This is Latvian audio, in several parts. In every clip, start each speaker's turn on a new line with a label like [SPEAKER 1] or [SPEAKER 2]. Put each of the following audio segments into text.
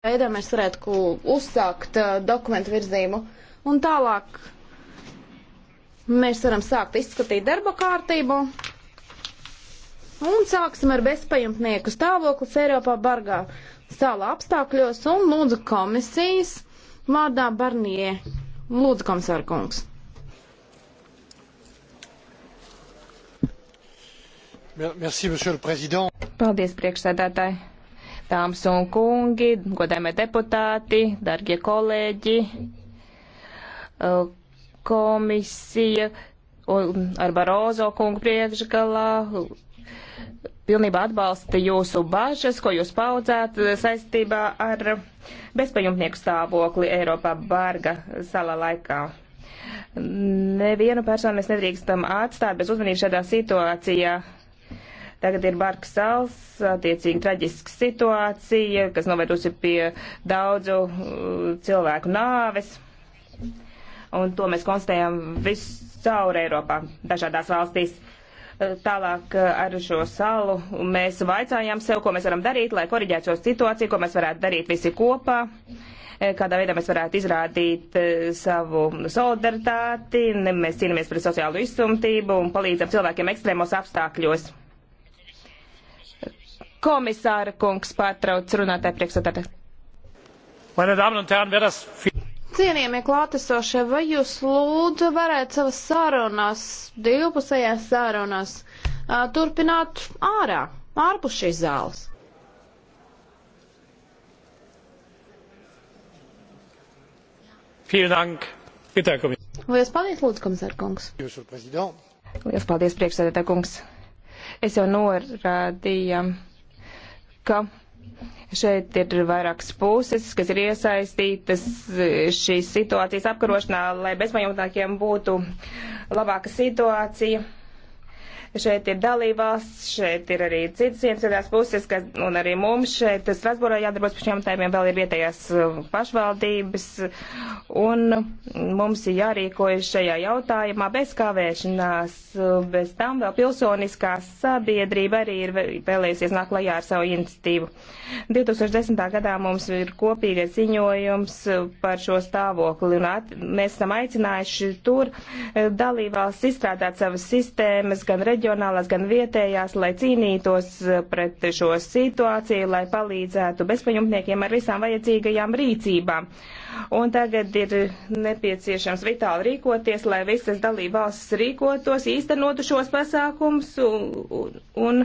[SPEAKER 1] veidā mēs varētu uzsākt uh, dokumentu virzību. Un tālāk mēs varam sākt izskatīt darba kārtību. Un sāksim ar bezpajumtnieku stāvoklis Eiropā bargā sāla apstākļos un lūdzu komisijas vārdā Barnie. Lūdzu, komisāra kungs.
[SPEAKER 2] Merci,
[SPEAKER 3] Paldies, priekšsēdētāji. Dāmas un kungi, godējumie deputāti, dargie kolēģi, uh, komisija un ar Barozo kungu priekšgalā pilnībā atbalsta jūsu bažas, ko jūs paudzāt saistībā ar bezpajumtnieku stāvokli Eiropā Barga sala laikā. Nevienu personu mēs nedrīkstam atstāt bez uzmanības šādā situācijā. Tagad ir Barks sals, attiecīgi traģiska situācija, kas novedusi pie daudzu uh, cilvēku nāves. Un to mēs konstatējam viscaur Eiropā, dažādās valstīs. Uh, tālāk uh, ar šo salu mēs vaicājām sev, ko mēs varam darīt, lai koriģētu šo situāciju, ko mēs varētu darīt visi kopā kādā veidā mēs varētu izrādīt savu solidaritāti, mēs cīnāmies pret sociālo izsumtību un palīdzam cilvēkiem ekstrēmos apstākļos. Komisāra kungs pārtrauc runātāju priekšsēdētāju. Meine Damen und Herren, wer das
[SPEAKER 1] Cienījamie klātesošie, vai jūs lūdzu varētu savas sarunās, divpusējās sarunās, turpināt ārā, ārpus šīs zāles?
[SPEAKER 2] Lielas
[SPEAKER 3] paldies, lūdzu, komisār kungs.
[SPEAKER 2] Lielas
[SPEAKER 3] paldies, priekšsēdētā kungs. Es jau norādīju ka Šeit ir vairākas puses, kas ir iesaistītas šīs situācijas apkarošanā, lai bezmajumtniekiem būtu labāka situācija. Šeit ir dalībvalsts, šeit ir arī citas iesaistās puses, kas, un arī mums šeit Strasbūrā jādarbojas par šiem jautājumiem, vēl ir vietējās uh, pašvaldības, un mums ir jārīkojas šajā jautājumā bez kavēšanās, uh, bez tam vēl pilsoniskā sabiedrība arī ir vēlējusies nāk lajā ar savu iniciatīvu. 2010. gadā mums ir kopīgais ziņojums uh, par šo stāvokli, un at, mēs esam aicinājuši tur dalībvalsts izstrādāt savas sistēmas, gan reģionālās, reģionālās, gan vietējās, lai cīnītos eh, pret šo situāciju, lai palīdzētu bezpajumtniekiem ar visām vajadzīgajām rīcībām. Un tagad ir nepieciešams vitāli rīkoties, lai visas dalība valsts rīkotos, īstenotu šos pasākums un, un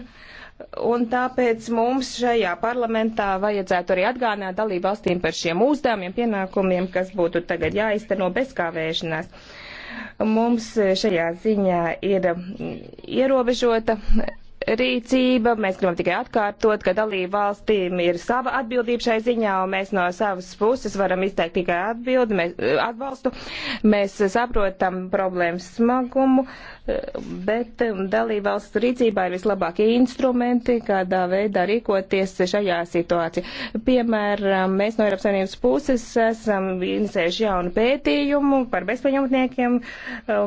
[SPEAKER 3] Un tāpēc mums šajā parlamentā vajadzētu arī atgādināt dalību valstīm par šiem uzdevumiem, pienākumiem, kas būtu tagad jāizteno bez kavēšanās mums eh, šajā ziņā ir mm, ierobežota rīcība. Mēs gribam tikai atkārtot, ka dalību valstīm ir sava atbildība šai ziņā, un mēs no savas puses varam izteikt tikai atbildi, mēs, eh, atbalstu. Mēs saprotam problēmas smagumu, eh, bet eh, dalību valstu rīcībā ir vislabākie instrumenti, kādā veidā rīkoties šajā situācijā. Piemēram, mēs no Eiropas Savienības puses esam inicējuši jaunu pētījumu par bezpaņemtniekiem.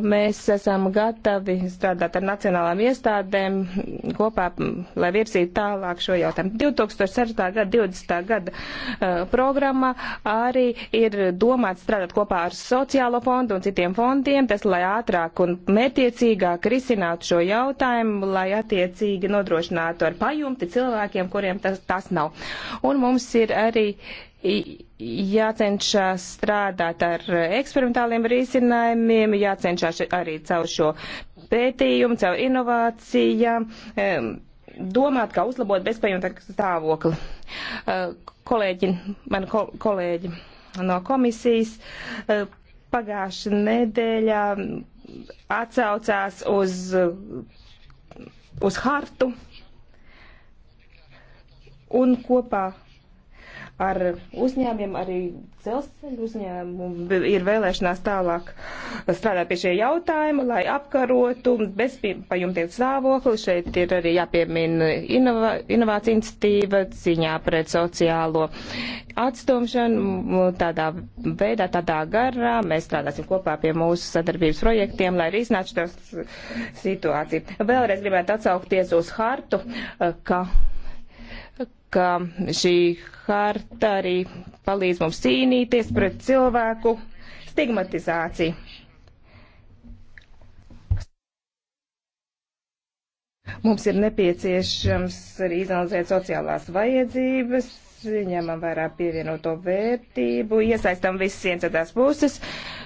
[SPEAKER 3] Mēs esam gatavi strādāt ar nacionālām iestādēm, kopā, lai virzītu tālāk šo jautājumu. 2004. gada, 20. gada uh, programma arī ir domāts strādāt kopā ar sociālo fondu un citiem fondiem, tas, lai ātrāk un mērtiecīgāk risinātu šo jautājumu, lai attiecīgi nodrošinātu ar pajumti cilvēkiem, kuriem tas, tas nav. Un mums ir arī jācenšas strādāt ar eksperimentāliem risinājumiem, jācenšas arī caur šo pētījumu, caur inovācijām, domāt, kā uzlabot bezpajumtnieku stāvokli. Eh, kolēģi, man kol kolēģi no komisijas eh, pagājušā nedēļā atsaucās uz, uz hartu un kopā ar uzņēmiem, arī dzelzceļu uzņēmumu ir vēlēšanās tālāk strādāt pie šie jautājuma, lai apkarotu bezpajumtiem stāvokli. Šeit ir arī jāpiemina inova, inovācija institīva ciņā pret sociālo atstumšanu. Tādā veidā, tādā garā mēs strādāsim kopā pie mūsu sadarbības projektiem, lai arī iznācu šo situāciju. Vēlreiz gribētu atsaukties uz hartu, ka ka šī harta arī palīdz mums cīnīties pret cilvēku stigmatizāciju. Mums ir nepieciešams arī izanalizēt sociālās vajadzības, ņemam vērā pievienoto vērtību, iesaistam visas iencertās puses. Uh,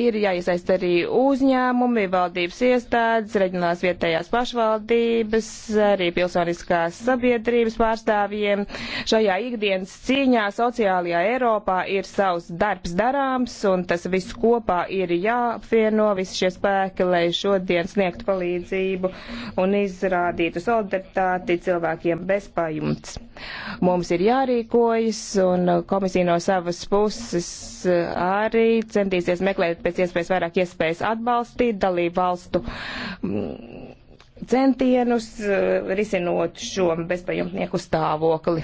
[SPEAKER 3] ir jāiesaist arī uzņēmumi, valdības iestādes, reģionālās vietējās pašvaldības, arī pilsoniskās sabiedrības pārstāvjiem. Šajā ikdienas cīņā sociālajā Eiropā ir savs darbs darāms, un tas viss kopā ir jāapvieno, visi šie spēki, lai šodien sniegtu palīdzību un izrādītu solidaritāti cilvēkiem bez pajumtes. Mums ir jārīkojas, un komisija no savas puses eh, arī centīsies meklēt pēc iespējas vairāk iespējas atbalstīt dalību valstu mm, centienus, eh, risinot šo bezpajumtnieku stāvokli.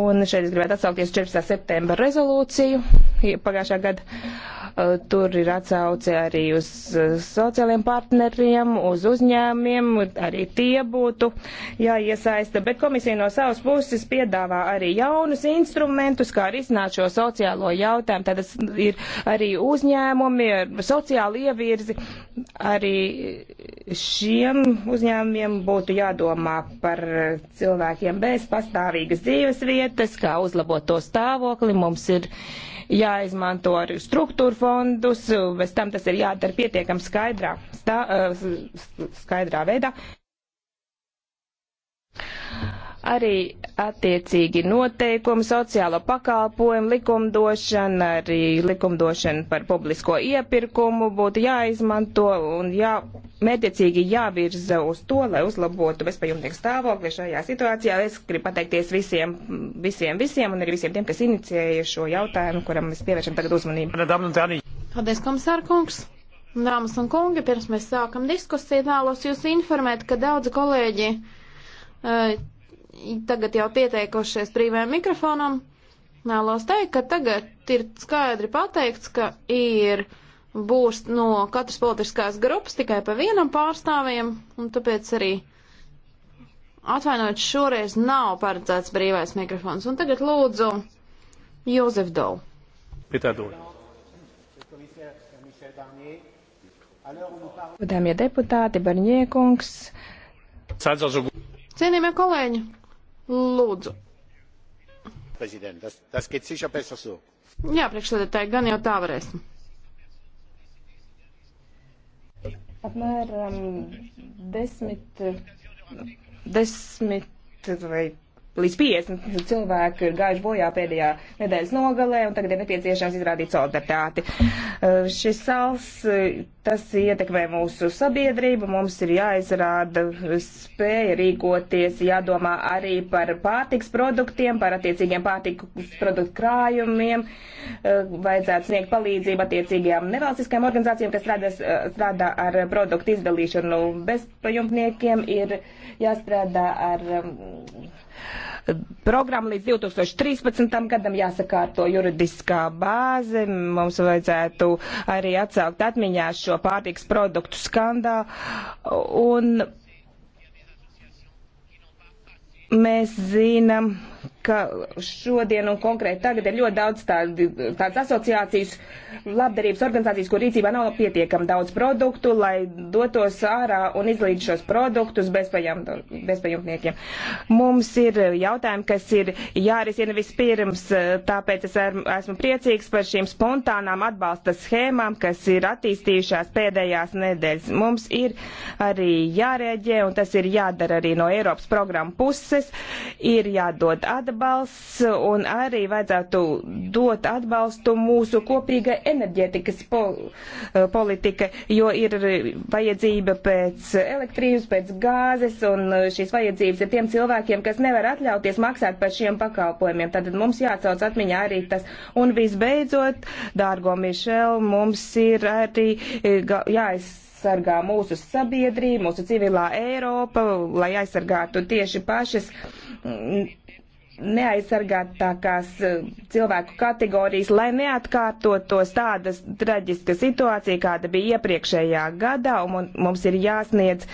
[SPEAKER 3] Un šeit es gribētu atsaukties 14. septembra rezolūciju pagājušā gada Tur ir atsauce arī uz sociāliem partneriem, uz uzņēmiem, arī tie būtu jāiesaista, bet komisija no savas puses piedāvā arī jaunus instrumentus, kā arī iznāt šo sociālo jautājumu. Tad ir arī uzņēmumi ar sociālu ievirzi. Arī šiem uzņēmumiem būtu jādomā par cilvēkiem bez pastāvīgas dzīves vietas, kā uzlabot to stāvokli. Mums ir jāizmanto arī struktūra fondus, bez tam tas ir jādara pietiekam skaidrā, stā, eh, skaidrā veidā arī attiecīgi noteikumi, sociālo pakalpojumu likumdošana, arī likumdošana par publisko iepirkumu būtu jāizmanto un jā, mētiecīgi jāvirza uz to, lai uzlabotu bezpajumtnieku stāvokli šajā situācijā. Es gribu pateikties visiem, visiem, visiem un arī visiem tiem, kas inicijēja šo jautājumu, kuram mēs pievēršam tagad uzmanību.
[SPEAKER 1] Paldies, komisārkungs! Dāmas un kungi, pirms mēs sākam diskusiju, vēlos jūs informēt, ka daudzi kolēģi uh, tagad jau pieteikušies brīvajam mikrofonam, vēlos teikt, ka tagad ir skaidri pateikts, ka ir būs no katras politiskās grupas tikai pa vienam pārstāvjiem, un tāpēc arī atvainojot šoreiz nav paredzēts brīvais mikrofons. Un tagad lūdzu Jozef Dov.
[SPEAKER 3] Godāmie deputāti, Barņiekungs.
[SPEAKER 1] Cienījamie kolēģi, Lūdzu.
[SPEAKER 3] Das, das so.
[SPEAKER 1] Jā, priekšsēdētāji, gan jau tā varēsim. Apmēram desmit,
[SPEAKER 3] desmit vai līdz 50 cilvēki ir gājuši bojā pēdējā nedēļas nogalē, un tagad ir nepieciešams izrādīt solidaritāti. Eh, šis sals, eh, tas ietekmē mūsu sabiedrību, mums ir jāizrāda spēja rīkoties, jādomā arī par pārtiks produktiem, par attiecīgiem pārtiks produktu krājumiem, eh, vajadzētu sniegt palīdzību attiecīgajām nevalstiskajām organizācijām, kas strādā, strādā ar produktu izdalīšanu. Bezpajumtniekiem ir jāstrādā ar Programma līdz 2013. gadam jāsakārto juridiskā bāze. Mums vajadzētu arī atsaukt atmiņā šo pārtiks produktu skandālu. Un mēs zinām, ka šodien un konkrēti tagad ir ļoti daudz tādi, tādas asociācijas, labdarības organizācijas, kur rīcībā nav pietiekami daudz produktu, lai dotos ārā un izlīdz šos produktus bezpajumtniekiem. Mums ir jautājumi, kas ir jārisina vispirms, tāpēc es esmu priecīgs par šīm spontānām atbalsta schēmām, kas ir attīstījušās pēdējās nedēļas. Mums ir arī jārēģē, un tas ir jādara arī no Eiropas programmu puses, ir jādod atbalstu atbalsts un arī vajadzētu dot atbalstu mūsu kopīgai enerģētikas po eh, politika, jo ir vajadzība pēc elektrības, pēc gāzes un šīs vajadzības ir tiem cilvēkiem, kas nevar atļauties maksāt par šiem pakalpojumiem. Tad mums jāatsauc atmiņā arī tas. Un visbeidzot, dārgo Mišel, mums ir arī eh, jāiz sargā mūsu sabiedrību, mūsu civilā Eiropa, lai aizsargātu tieši pašas mm, neaizsargātākās eh, cilvēku kategorijas, lai neatkārtotos tādas traģiska situācija, kāda bija iepriekšējā gadā, un mums ir jāsniedz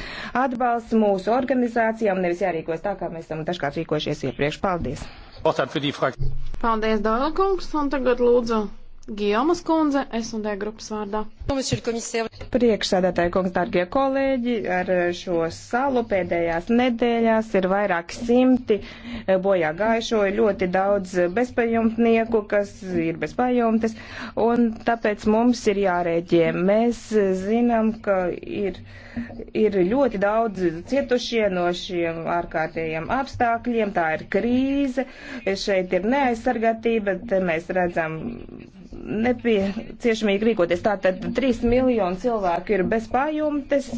[SPEAKER 3] atbalsts mūsu
[SPEAKER 1] organizācijām, nevis jārīkos tā, kā mēs esam
[SPEAKER 3] dažkārt rīkojušies iepriekš. Paldies!
[SPEAKER 1] Paldies, Dāla kungs, un tagad lūdzu Gijomas kundze, es un D grupas vārdā. Priekšsēdētāji
[SPEAKER 3] kungs, dārgie kolēģi, ar šo salu pēdējās nedēļās ir vairāk simti eh, bojā gājušo, ir ļoti daudz bezpajumtnieku, kas ir bez pajumtes, un tāpēc mums ir jārēģē. Mēs zinām, ka ir, ir ļoti daudz cietušie no šiem ārkārtējiem apstākļiem, tā ir krīze, šeit ir neaizsargatība, te mēs redzam nepieciešamīgi rīkoties. Tātad 3 miljoni cilvēku ir bez pājumtes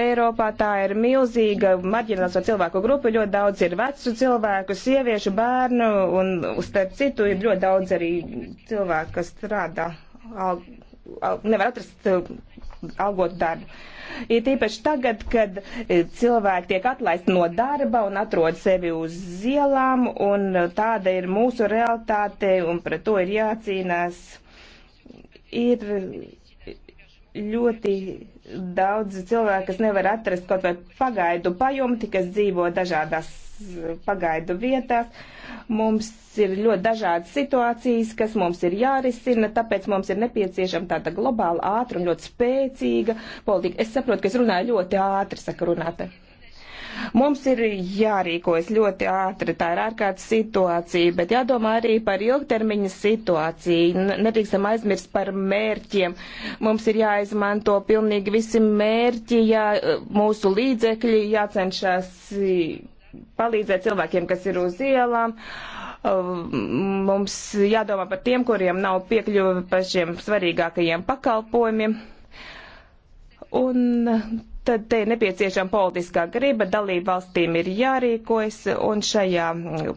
[SPEAKER 3] Eiropā. Tā ir milzīga marģinālizo cilvēku grupa. Ļoti daudz ir vecu cilvēku, sieviešu, bērnu un starp citu ir ļoti daudz arī cilvēku, kas strādā, al, al, nevar atrast uh, algotu darbu. It īpaši tagad, kad e, cilvēki tiek atlaisti no darba un atrod sevi uz ielām, un e, tāda ir mūsu realitāte, un pret to ir jācīnās. Ir ļoti daudz cilvēku, kas nevar atrast kaut vai pagaidu pajumti, kas dzīvo dažādās pagaidu vietās. Mums ir ļoti dažādas situācijas, kas mums ir jārisina, tāpēc mums ir nepieciešama tāda globāla, ātra un ļoti spēcīga politika. Es saprotu, ka es runāju ļoti ātri, saka runāte. Mums ir jārīkojas ļoti ātri, tā ir ārkārtas situācija, bet jādomā arī par ilgtermiņa situāciju. Nedrīkstam aizmirst par mērķiem. Mums ir jāizmanto pilnīgi visi mērķi, jā, mūsu līdzekļi, jācenšas palīdzēt cilvēkiem, kas ir uz ielām. Uh, mums jādomā par tiem, kuriem nav piekļuva pašiem svarīgākajiem pakalpojumiem. Un Tad te ir nepieciešama politiskā griba, dalību valstīm ir jārīkojas, un šajā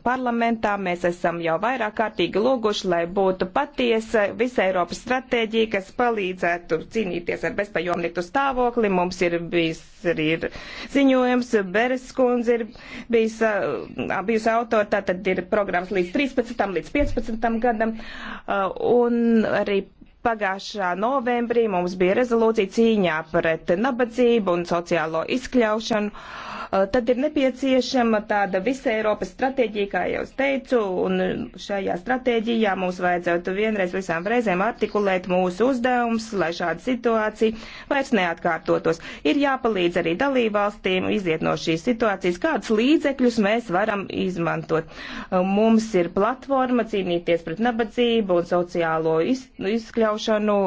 [SPEAKER 3] parlamentā mēs esam jau vairāk kārtīgi lūguši, lai būtu patiesa visa Eiropas stratēģija, kas palīdzētu cīnīties ar bezpajomnieku stāvokli. Mums ir bijis arī ir ziņojums, Beres kundze ir bijis, bijusi autora, tā tad ir programmas līdz 13. līdz 15. gadam, un arī Pagājušā novembrī mums bija rezolūcija cīņā pret nabadzību un sociālo izkļaušanu. Eh, tad ir nepieciešama tāda visa Eiropas stratēģija, kā jau es teicu, un šajā stratēģijā mums vajadzētu vienreiz visām reizēm artikulēt mūsu uzdevums, lai šāda situācija vairs neatkārtotos. Ir jāpalīdz arī dalībvalstīm iziet no šīs situācijas, kādus līdzekļus mēs varam izmantot. Eh, mums ir platforma cīnīties pret nabadzību un sociālo iz, izkļaušanu,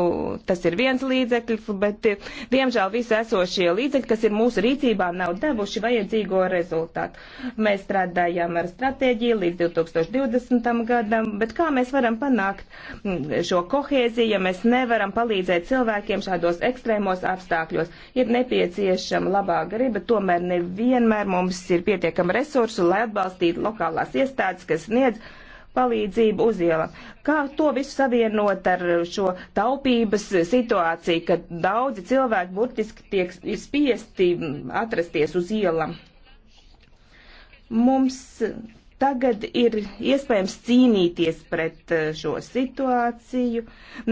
[SPEAKER 3] tas ir viens līdzekļs, bet diemžēl visi esošie līdzekļi, kas ir mūsu rīcībā, nav devuši vai vajadzīgo rezultātu. Mēs strādājām ar stratēģiju līdz 2020. gadam, bet kā mēs varam panākt mm, šo kohēziju, ja mēs nevaram palīdzēt cilvēkiem šādos ekstrēmos apstākļos? Ir nepieciešama labā griba, tomēr nevienmēr mums ir pietiekama resursu, lai atbalstītu lokālās iestādes, kas sniedz palīdzību uz ielām. Kā to visu savienot ar šo taupības situāciju, kad daudzi cilvēki burtiski tiek spiesti atrasties uz ielām? Mums tagad ir iespējams cīnīties pret eh, šo situāciju.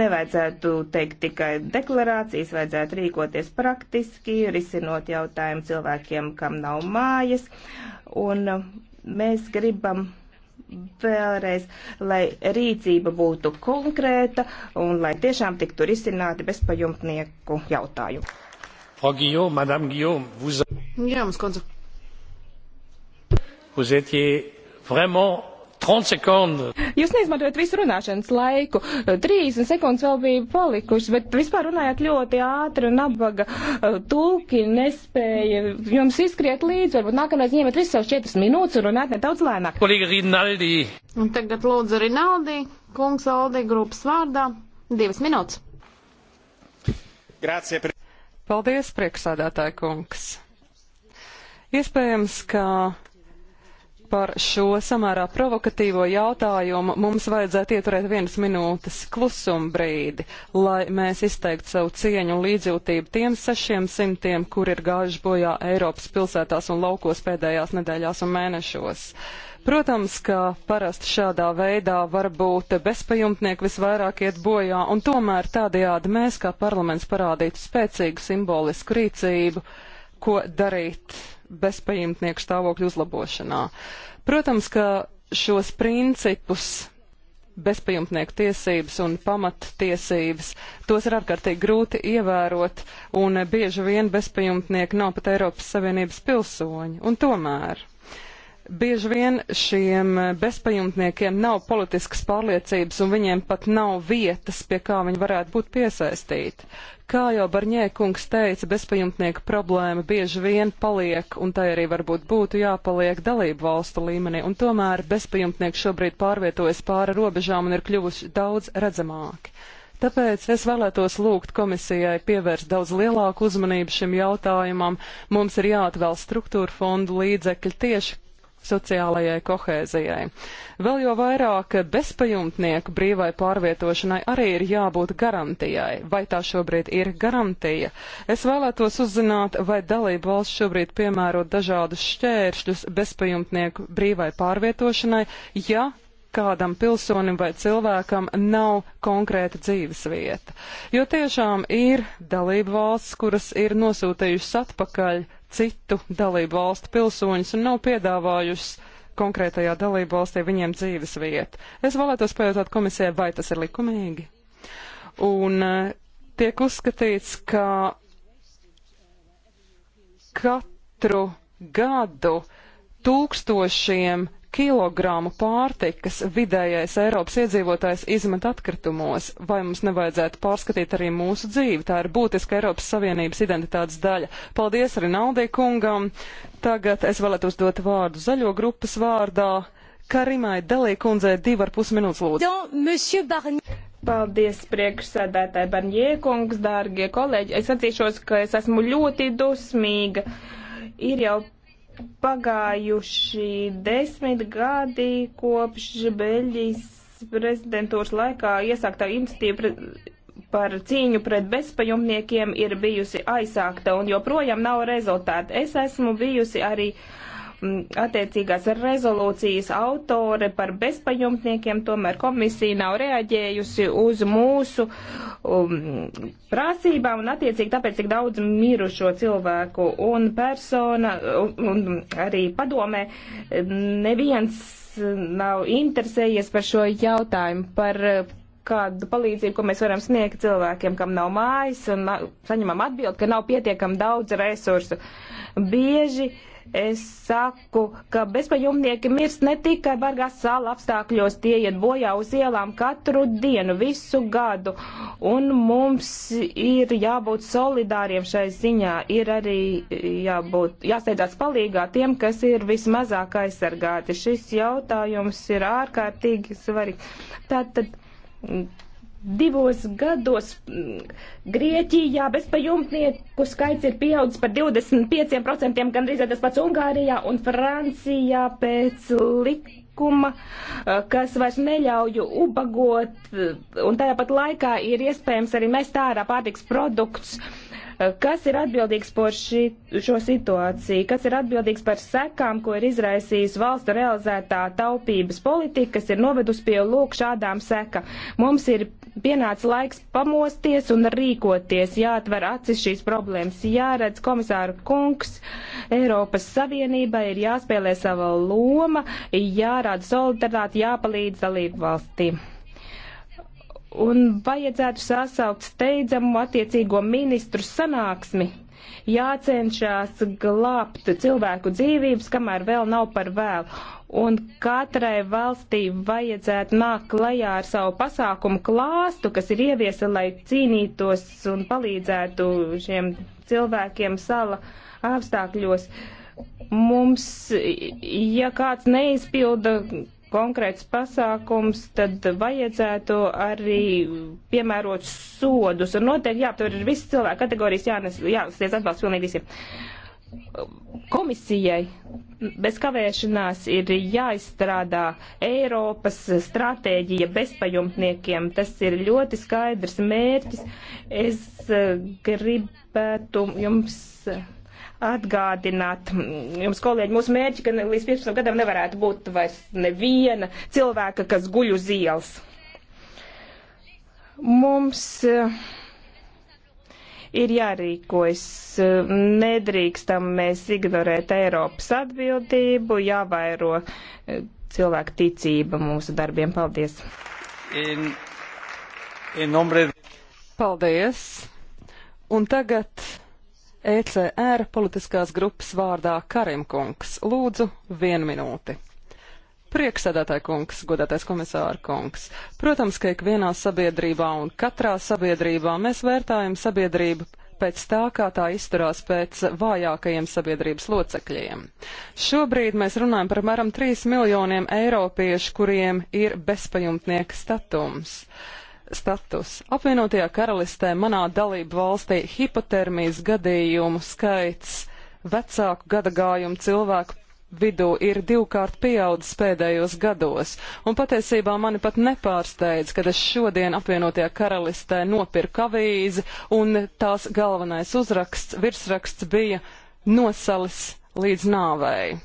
[SPEAKER 3] Nevajadzētu teikt tikai deklarācijas, vajadzētu rīkoties praktiski, risinot jautājumu cilvēkiem, kam nav mājas. Un eh, mēs gribam vēlreiz, lai rīcība būtu konkrēta un lai tiešām tiktu risināti bezpajumtnieku jautājumi.
[SPEAKER 2] Frau Guillaume, Madame Guillaume, vous... Jā, mums konce.
[SPEAKER 3] Vous étiez vraiment Jūs neizmantojat visu runāšanas laiku. 30 sekundes vēl bija palikušas, bet vispār runājāt ļoti ātri un nabaga tulki nespēja jums izskriet līdzi.
[SPEAKER 1] Varbūt nākamreiz ņemat visu savus 4 minūtes un runāt nedaudz lēnāk.
[SPEAKER 3] Kolīga Rinaldi.
[SPEAKER 1] Un tagad lūdzu Rinaldi, kungs Aldi grupas vārdā. Divas minūtes.
[SPEAKER 2] Grācie. Paldies, priekšsādātāja kungs. Iespējams, ka par šo samērā provokatīvo jautājumu mums vajadzētu ieturēt vienas minūtes klusuma brīdi, lai mēs izteiktu savu cieņu un līdzjūtību tiem sešiem simtiem, kur ir gājuši bojā Eiropas pilsētās un laukos pēdējās nedēļās un mēnešos. Protams, ka parasti šādā veidā varbūt bezpajumtnieki visvairāk iet bojā, un tomēr tādējādi mēs kā parlaments parādītu spēcīgu simbolisku rīcību, ko darīt bezpajumtnieku stāvokļu uzlabošanā. Protams, ka šos principus bezpajumtnieku tiesības un pamattiesības. Tos ir ārkārtīgi grūti ievērot, un bieži vien bezpajumtnieki nav pat Eiropas Savienības pilsoņi. Un tomēr Bieži vien šiem bezpajumtniekiem nav politiskas pārliecības un viņiem pat nav vietas, pie kā viņi varētu būt piesaistīti. Kā jau Barņēkungs teica, bezpajumtnieku problēma bieži vien paliek, un tai arī varbūt būtu jāpaliek dalību valstu līmenī, un tomēr bezpajumtnieki šobrīd pārvietojas pāri robežām un ir kļuvuši daudz redzamāki. Tāpēc es vēlētos lūgt komisijai pievērst daudz lielāku uzmanību šim jautājumam. Mums ir jāatvēl struktūra fondu līdzekļi tieši sociālajai kohēzijai. Vēl jo vairāk bezpajumtnieku brīvai pārvietošanai arī ir jābūt garantijai. Vai tā šobrīd ir garantija? Es vēlētos uzzināt, vai dalība valsts šobrīd piemēro dažādus šķēršļus bezpajumtnieku brīvai pārvietošanai, ja kādam pilsonim vai cilvēkam nav konkrēta dzīves vieta. Jo tiešām ir dalību valsts, kuras ir nosūtījušas atpakaļ citu dalību valstu pilsoņus un nav piedāvājušas konkrētajā dalību valstī viņiem dzīves vietu. Es vēlētos pajautāt komisijai, vai tas ir likumīgi. Un eh, tiek uzskatīts, ka katru gadu tūkstošiem kilogramu pārtikas vidējais Eiropas iedzīvotājs izmet atkritumos, vai mums nevajadzētu pārskatīt arī mūsu dzīvi? Tā ir būtiska Eiropas Savienības identitātes daļa. Paldies arī Naudī kungam. Tagad es vēlētos dot vārdu zaļo grupas vārdā. Karimai Dalī kundzei divi ar pus minūtes
[SPEAKER 3] lūdzu. Paldies, priekšsēdētāji Barņie kungs, dārgie kolēģi. Es atzīšos, ka es esmu ļoti dusmīga. Ir jau pagājuši desmit gadi kopš Beļģijas prezidentūras laikā iesāktā iniciatīva par cīņu pret bezpajumtniekiem ir bijusi aizsākta un joprojām nav rezultāti. Es esmu bijusi arī uh, Mm, attiecīgās rezolūcijas autore par bezpajumtniekiem, tomēr komisija nav reaģējusi uz mūsu um, prasībām un attiecīgi tāpēc tik daudz mirušo cilvēku un persona un, un arī padomē neviens nav interesējies par šo jautājumu, par uh, kādu palīdzību, ko mēs varam sniegt cilvēkiem, kam nav mājas, un saņemam atbildi, ka nav pietiekam daudz resursu. Bieži uh, Es saku, ka bezpajumnieki mirst ne tikai bargās sāla apstākļos, tie iet bojā uz ielām katru dienu, visu gadu. Un mums ir jābūt solidāriem šai ziņā, ir arī jābūt, jāsteidzās palīgā tiem, kas ir vismazāk aizsargāti. Šis jautājums ir ārkārtīgi svarīgs. Tātad divos gados mm, Grieķijā bezpajumtnieku skaits ir pieaudzis par 25%, gandrīz tas pats Ungārijā un Francijā pēc likuma, eh, kas vairs neļauj ubagot, eh, un tajā pat laikā ir iespējams arī mest ārā pārtiks produkts. Uh, Kas ir atbildīgs par šī, šo situāciju? Kas ir atbildīgs par sekām, ko ir izraisījis valsts realizētā taupības politika, kas ir novedusi pie lūk šādām seka? Mums ir pienācis laiks pamosties un rīkoties, jāatver acis šīs problēmas, jāredz komisāru kungs, Eiropas Savienībai ir jāspēlē sava loma, jārāda solidaritāte, jāpalīdz dalību valstīm un vajadzētu sasaukt steidzamu attiecīgo ministru sanāksmi. Jācenšas glābt cilvēku dzīvības, kamēr vēl nav par vēlu. Un katrai valstī vajadzētu nākt klajā ar savu pasākumu klāstu, kas ir ieviesa, lai cīnītos un palīdzētu šiem cilvēkiem sala apstākļos. Mums, ja kāds neizpilda konkrēts pasākums, tad vajadzētu arī piemērot sodus. Un noteikti jāaptver ir visas cilvēku kategorijas, jānes, jāsniedz atbalsts pilnīgi visiem. Komisijai bez kavēšanās ir jāizstrādā Eiropas stratēģija bezpajumtniekiem. Tas ir ļoti skaidrs mērķis. Es eh, gribētu jums atgādināt jums, kolēģi, mūsu mērķi, ka līdz 15 gadam nevarētu būt vairs neviena cilvēka, kas guļ uz ielas. Mums eh, ir jārīkojas, eh, nedrīkstam mēs ignorēt Eiropas atbildību, jāvairo eh, cilvēku ticība mūsu darbiem. Paldies!
[SPEAKER 2] In, in nombre... Paldies! Un tagad ECR politiskās grupas vārdā Karimkungs. Lūdzu, vienu minūti. Prieksēdētāji kungs, godātais komisāra kungs. Protams, ka ikvienā sabiedrībā un katrā sabiedrībā mēs vērtājam sabiedrību pēc tā, kā tā izturās pēc vājākajiem sabiedrības locekļiem. Šobrīd mēs runājam par apmēram 3 miljoniem eiropiešu, kuriem ir bezpajumtnieka statums. Uh, status. Apvienotajā karalistē manā dalību valstī hipotermijas gadījumu skaits vecāku gadagājumu cilvēku vidū ir divkārt pieaudzis pēdējos gados, un patiesībā mani pat nepārsteidz, kad es šodien apvienotajā karalistē nopirku avīzi, un tās galvenais uzraksts, virsraksts bija nosalis līdz nāvei.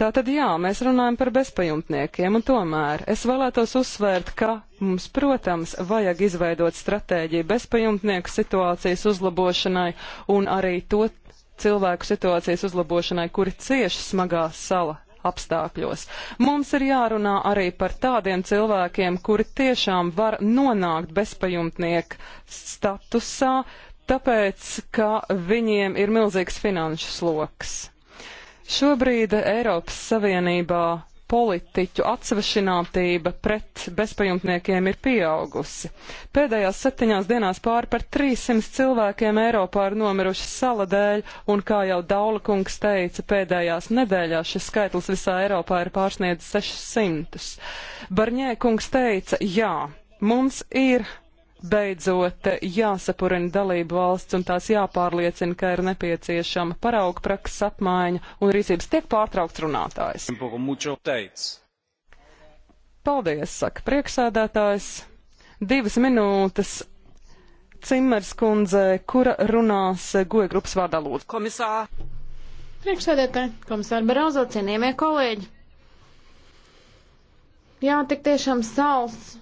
[SPEAKER 2] Tātad jā, mēs runājam par bezpajumtniekiem, un tomēr es vēlētos uzsvērt, ka mums, protams, vajag izveidot stratēģiju bezpajumtnieku situācijas uzlabošanai un arī to cilvēku situācijas uzlabošanai, kuri cieši smagā sala apstākļos. Mums ir jārunā arī par tādiem cilvēkiem, kuri tiešām var nonākt bezpajumtnieku statusā, tāpēc, ka viņiem ir milzīgs finanšu sloks. Šobrīd Eiropas Savienībā politiķu atsvešinātība pret bezpajumtniekiem ir pieaugusi. Pēdējās septiņās dienās pāri par 300 cilvēkiem Eiropā ir nomiruši sala dēļ, un kā jau Daula kungs teica, pēdējās nedēļās šis skaitlis visā Eiropā ir pārsniedzis 600. Barņē kungs teica, jā, mums ir beidzot jāsapurina dalību valsts un tās jāpārliecina, ka ir nepieciešama parauga prakses apmaiņa un rīcības tiek pārtraukts runātājs. Paldies, saka priekšsēdētājs. Divas minūtes Cimers kundze, kura runās goja grupas vārdā lūdzu. Komisār.
[SPEAKER 1] Priekšsēdētāji, komisāri Barauzo, cienījamie kolēģi. Jā, tik tiešām sals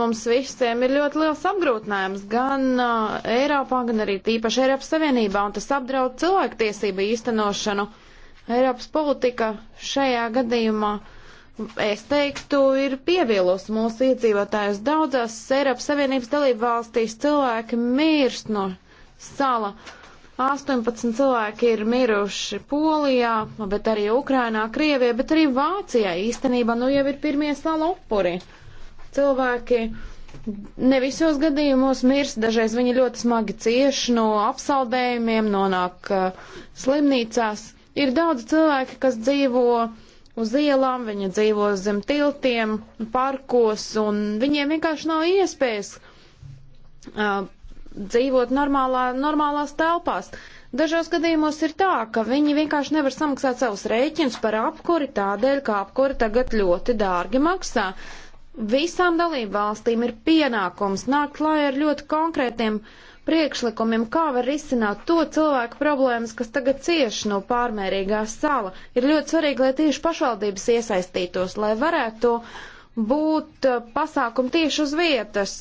[SPEAKER 1] Mums visiem ir ļoti liels apgrūtinājums gan uh, Eiropā, gan arī tīpaši Eiropas Savienībā, un tas apdraud cilvēktiesību īstenošanu. Eiropas politika šajā gadījumā, es teiktu, ir pievilus mūsu iedzīvotājus. Daudzās Eiropas Savienības dalību valstīs cilvēki mirst no sala. 18 cilvēki ir miruši Polijā, bet arī Ukrainā, Krievijā, bet arī Vācijā īstenībā nu jau ir pirmie sala upuri cilvēki ne visos gadījumos mirst, dažreiz viņi ļoti smagi cieš no apsaldējumiem, nonāk uh, slimnīcās. Ir daudz cilvēki, kas dzīvo uz ielām, viņi dzīvo zem tiltiem, parkos, un viņiem vienkārši nav iespējas uh, dzīvot normālā, normālās telpās. Dažos gadījumos ir tā, ka viņi vienkārši nevar samaksāt savus rēķinus par apkuri tādēļ, ka apkuri tagad ļoti dārgi maksā. Uh, Visām dalību valstīm ir pienākums nākt klāj ar ļoti konkrētiem priekšlikumiem, kā var risināt to cilvēku problēmas, kas tagad cieš no pārmērīgā sala. Ir ļoti svarīgi, lai tieši pašvaldības iesaistītos, lai varētu būt uh, pasākumi tieši uz vietas.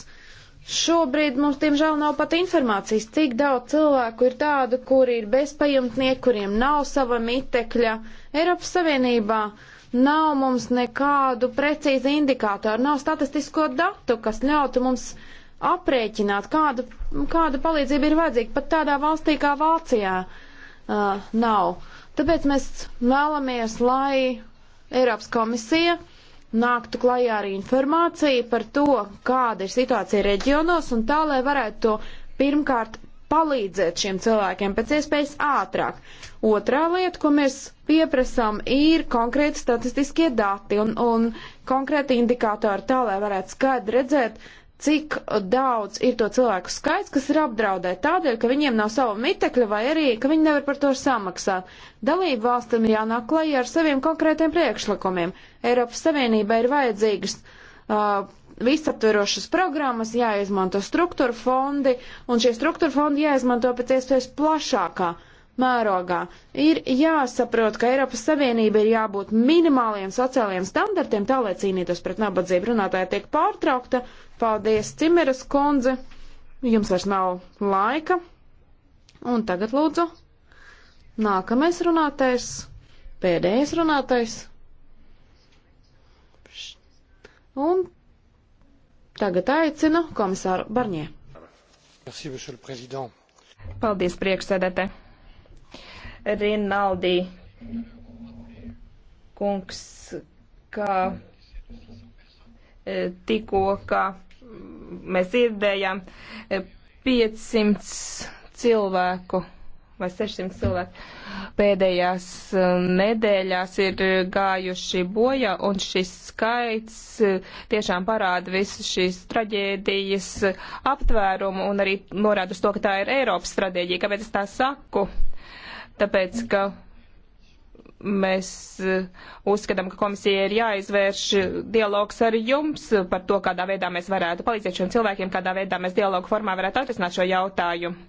[SPEAKER 1] Šobrīd mums, diemžēl, nav pat informācijas, cik daudz cilvēku ir tādu, kuri ir bezpajumtnieki, kuriem nav sava mitekļa. Eiropas Savienībā uh, Nav mums nekādu precīzu indikātoru, nav statistisko datu, kas ļautu mums aprēķināt, kādu, kādu palīdzību ir vajadzīga pat tādā valstī kā Vācijā. Uh, nav. Tāpēc mēs vēlamies, lai Eiropas komisija nāktu klajā ar informāciju par to, kāda ir situācija reģionos un tā, lai varētu to pirmkārt palīdzēt šiem cilvēkiem pēc iespējas ātrāk. Otrā lieta, ko mēs pieprasām, ir konkrēti statistiskie dati un, un konkrēti indikātori tā, lai varētu skaidri redzēt, cik daudz ir to cilvēku skaits, kas ir apdraudēti tādēļ, ka viņiem nav sava mitekļa vai arī, ka viņi nevar par to samaksāt. Dalību valstam jānāk klajā ar saviem konkrētiem priekšlikumiem. Eiropas Savienībai ir vajadzīgas uh, visaptverošas programmas, jāizmanto struktūra fondi, un šie struktūra fondi jāizmanto pēc iespējas plašākā mērogā. Ir jāsaprot, ka Eiropas Savienība ir jābūt minimāliem sociālajiem standartiem, tā lai cīnītos pret nabadzību. Runātāja tiek pārtraukta. Paldies, Cimeras kundze. Jums vairs nav laika. Un tagad lūdzu. Nākamais runātais. Pēdējais
[SPEAKER 2] runātais. Un
[SPEAKER 1] Tagad aicinu komisāru Barņē.
[SPEAKER 3] Paldies, priekšsēdētē. Rinaldī kungs, kā e, tikko, kā mēs dzirdējām, 500 e, cilvēku vai 600 cilvēki pēdējās um, nedēļās ir gājuši bojā, un šis skaits uh, tiešām parāda visu šīs traģēdijas aptvērumu un arī norāda uz to, ka tā ir Eiropas traģēdija. Kāpēc es tā saku? Tāpēc, ka mēs uh, uzskatām, ka komisija ir jāizvērš dialogs ar jums par to, kādā veidā mēs varētu palīdzēt šiem cilvēkiem, kādā veidā mēs dialogu formā varētu atrisināt šo jautājumu.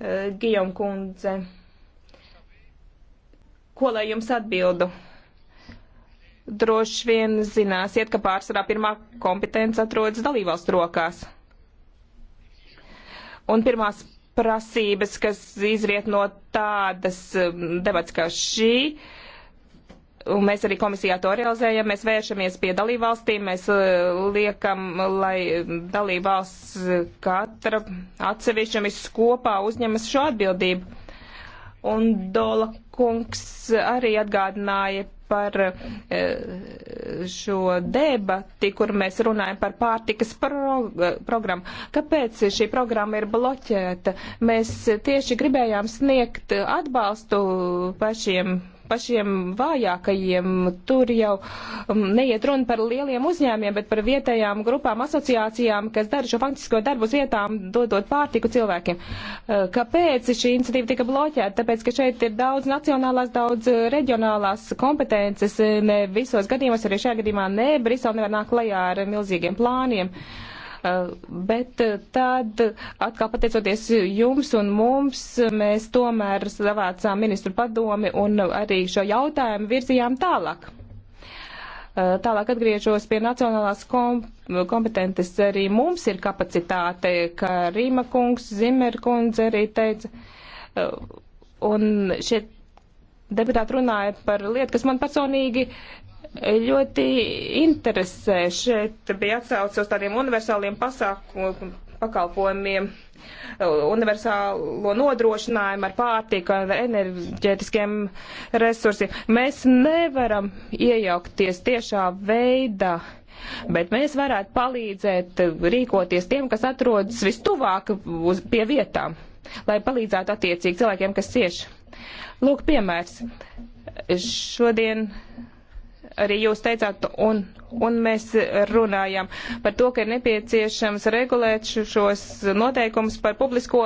[SPEAKER 3] Eh, Gijom kundze, ko lai jums atbildu? Droši vien zināsiet, ka pārsvarā pirmā kompetence atrodas dalībvalstu rokās. Un pirmās prasības, kas izriet no tādas eh, debats kā šī, uh, un mēs arī komisijā to realizējam. Mēs vēršamies pie dalībvalstīm, mēs uh, liekam, lai dalībvalsts katra atsevišķa viss kopā uzņemas šo atbildību. Un Dola kungs arī atgādināja par uh, šo debati, kur mēs runājam par pārtikas pro programmu. Kāpēc šī programma ir bloķēta? Mēs tieši gribējām sniegt atbalstu pašiem pašiem vājākajiem. Tur jau mm, neiet runa par lieliem uzņēmiem, bet par vietējām grupām, asociācijām, kas dara šo faktisko darbu uz vietām, dodot pārtiku cilvēkiem. Eh, kāpēc šī iniciatīva tika bloķēta? Tāpēc, ka šeit ir daudz nacionālās, daudz eh, reģionālās kompetences. Eh, ne visos gadījumos, arī šajā gadījumā, ne Brisele nevar nākt klajā ar milzīgiem plāniem. Uh, Eh, bet eh, tad atkal pateicoties jums un mums, mēs tomēr savācām ministru padomi un arī šo jautājumu virzījām tālāk. Eh, tālāk atgriežos pie nacionālās kom kompetentes. Arī mums ir kapacitāte, kā ka Rīma kungs, Zimerkundze arī teica. Un šeit deputāti runāja par lietu, kas man personīgi ļoti interesē. Šeit bija atsauce uz tādiem universāliem pasākumiem pakalpojumiem, universālo nodrošinājumu ar pārtiku, ar enerģētiskiem resursiem. Mēs nevaram iejaukties tiešā veidā, bet mēs varētu palīdzēt rīkoties tiem, kas atrodas vistuvāk uz, pie vietām, lai palīdzētu attiecīgi cilvēkiem, kas cieši. Lūk, piemērs. Šodien arī jūs teicāt, un, un mēs runājam par to, ka ir nepieciešams regulēt šos noteikumus par publisko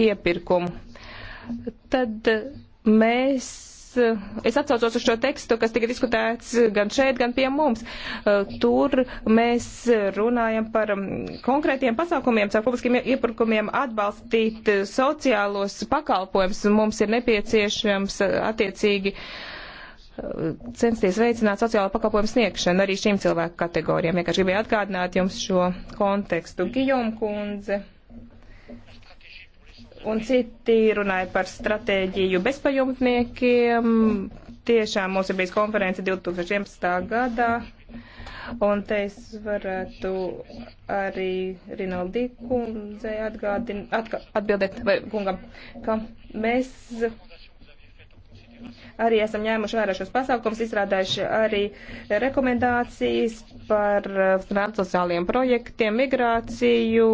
[SPEAKER 3] iepirkumu. Tad uh, mēs uh, es atcaucos uz šo tekstu, kas tika diskutēts gan šeit, gan pie mums. Uh, tur mēs runājam par um, konkrētiem pasākumiem, caur publiskiem iepirkumiem atbalstīt sociālos pakalpojumus. Mums ir nepieciešams attiecīgi uh, censties veicināt sociālo pakalpojumu sniegšanu arī šīm cilvēku kategorijām. Vienkārši gribēju atgādināt jums šo kontekstu. Gijom kundze un citi runāja par stratēģiju bezpajumtniekiem. Tiešām mums ir bijis konference 2011. gadā. Un te es varētu arī Rinaldī kundzei atgādin, atka, atbildēt, vai kungam, ka mēs arī esam ņēmuši vērā šos pasākums, izrādājuši arī rekomendācijas par transnacionāliem eh, projektiem, migrāciju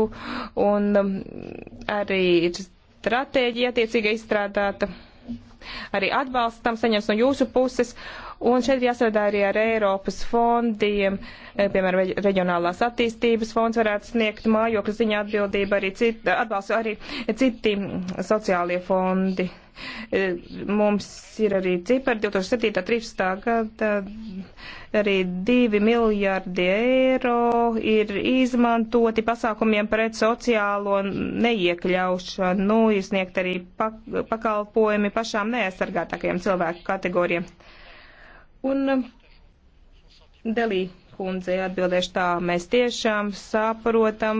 [SPEAKER 3] un mm, arī ir stratēģija attiecīga izstrādāta. Arī atbalsts tam saņems no jūsu puses. Uh, Un šeit jāsadā arī ar Eiropas fondiem, e, piemēram, reģionālās attīstības fonds varētu sniegt mājokļu ziņā atbildību, arī cit, atbalstu arī citi sociālie fondi. E, mums ir arī cipari 2007.13. gada arī 2 miljārdi eiro ir izmantoti pasākumiem pret sociālo neiekļaušanu, nu, ir sniegt arī pakalpojumi pašām neaizsargātākajiem cilvēku kategorijām. Un um, Delī kundzei atbildēšu tā, mēs tiešām saprotam,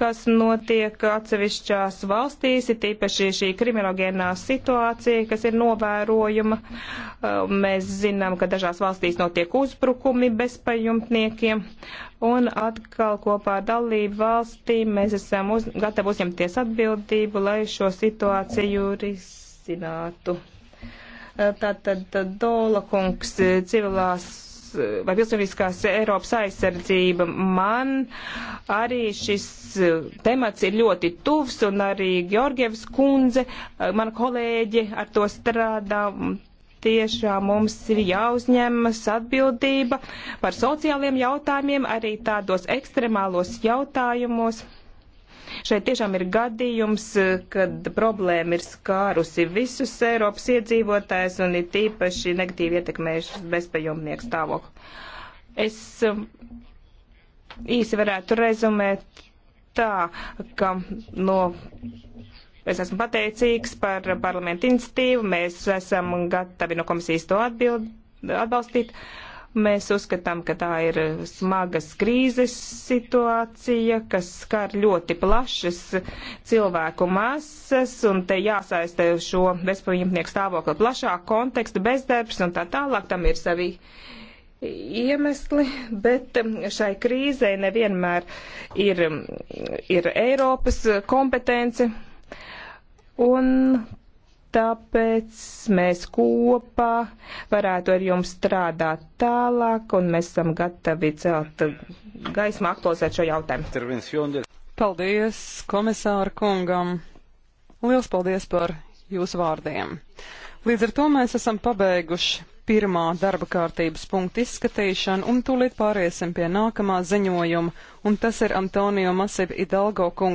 [SPEAKER 3] kas notiek atsevišķās valstīs, ir tīpaši šī kriminogēnā situācija, kas ir novērojuma. Um, mēs zinām, ka dažās valstīs notiek uzbrukumi bezpajumtniekiem, un atkal kopā ar dalību valstīm mēs esam uz, gatavi uzņemties atbildību, lai šo situāciju risinātu. Tātad Dola kungs eh, civilās eh, vai pilsoniskās Eiropas aizsardzība. Man arī šis eh, temats ir ļoti tuvs un arī Georgievs kundze, mana kolēģe ar to strādā. Tiešām mums ir jāuzņemas atbildība par sociāliem jautājumiem, arī tādos ekstremālos jautājumos. Šeit tiešām ir gadījums, kad problēma ir skārusi visus Eiropas iedzīvotājs un ir tīpaši negatīvi ietekmējušas bezpajumnieku stāvokli. Es um, īsi varētu rezumēt tā, ka no nu, Es esmu pateicīgs par parlamentu iniciatīvu. Mēs esam gatavi no komisijas to atbild, atbalstīt. Uh, Mēs uzskatām, ka tā ir smagas krīzes situācija, kas skar ļoti plašas cilvēku masas, un te jāsaistē šo bezpajumtnieku stāvokli plašāk, kontekstu, bezdarbs un tā tālāk, tam ir savi iemesli, bet um, šai krīzei nevienmēr ir, um, ir Eiropas kompetence. Un Tāpēc mēs kopā varētu ar jums strādāt tālāk, un mēs esam gatavi celt
[SPEAKER 2] gaismu aktualizēt šo jautājumu. Paldies komisāra kungam! Liels paldies par jūsu vārdiem! Līdz ar to mēs esam pabeiguši pirmā darba kārtības punkta izskatīšanu, un tūlīt pāriesim pie nākamā ziņojuma, un tas ir Antonio Masiva Idalgo kunga.